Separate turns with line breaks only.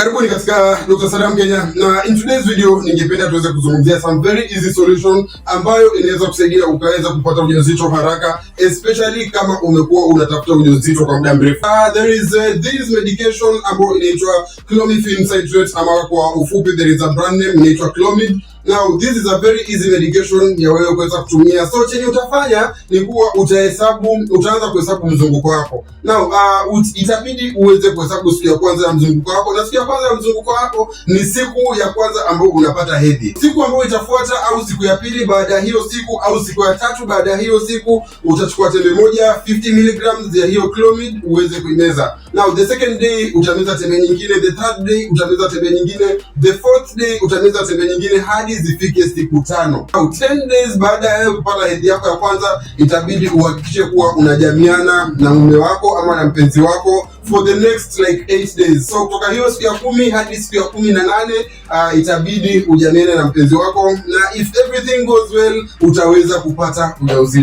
Karibuni katika Dr. Saddam Kenya na in today's video ningependa tuweze kuzungumzia some very easy solution ambayo inaweza kusaidia ukaweza kupata ujauzito haraka especially kama umekuwa unatafuta ujauzito kwa muda mrefu. Uh, there is uh, this medication ambayo inaitwa clomiphene citrate ama kwa ufupi there is a brand name inaitwa Clomid. Now this is a very easy medication ya wewe kuweza kutumia. So chenye utafanya ni kuwa utahesabu, utaanza kuhesabu mzunguko wako na uh, itabidi uweze kuhesabu siku ya kwanza ya mzunguko wako, na siku ya kwanza ya mzunguko wako ni siku ya kwanza ambayo unapata hedhi. Siku ambayo itafuata au siku ya pili baada ya hiyo siku au siku ya tatu baada ya hiyo siku, utachukua tembe moja 50 mg ya hiyo clomid uweze kuimeza. Now the second day utameza tembe nyingine, the third day utameza tembe nyingine, the fourth day utameza tembe nyingine hadi zifike siku tano au 10 days baada ya kupata hedhi yako ya kwanza, itabidi uhakikishe kuwa unajamiana na mume wako ama na mpenzi wako for the next like 8 days. So kutoka hiyo siku ya kumi hadi siku ya kumi na nane uh, itabidi ujanene na mpenzi wako, na if everything goes well utaweza kupata ujauzito.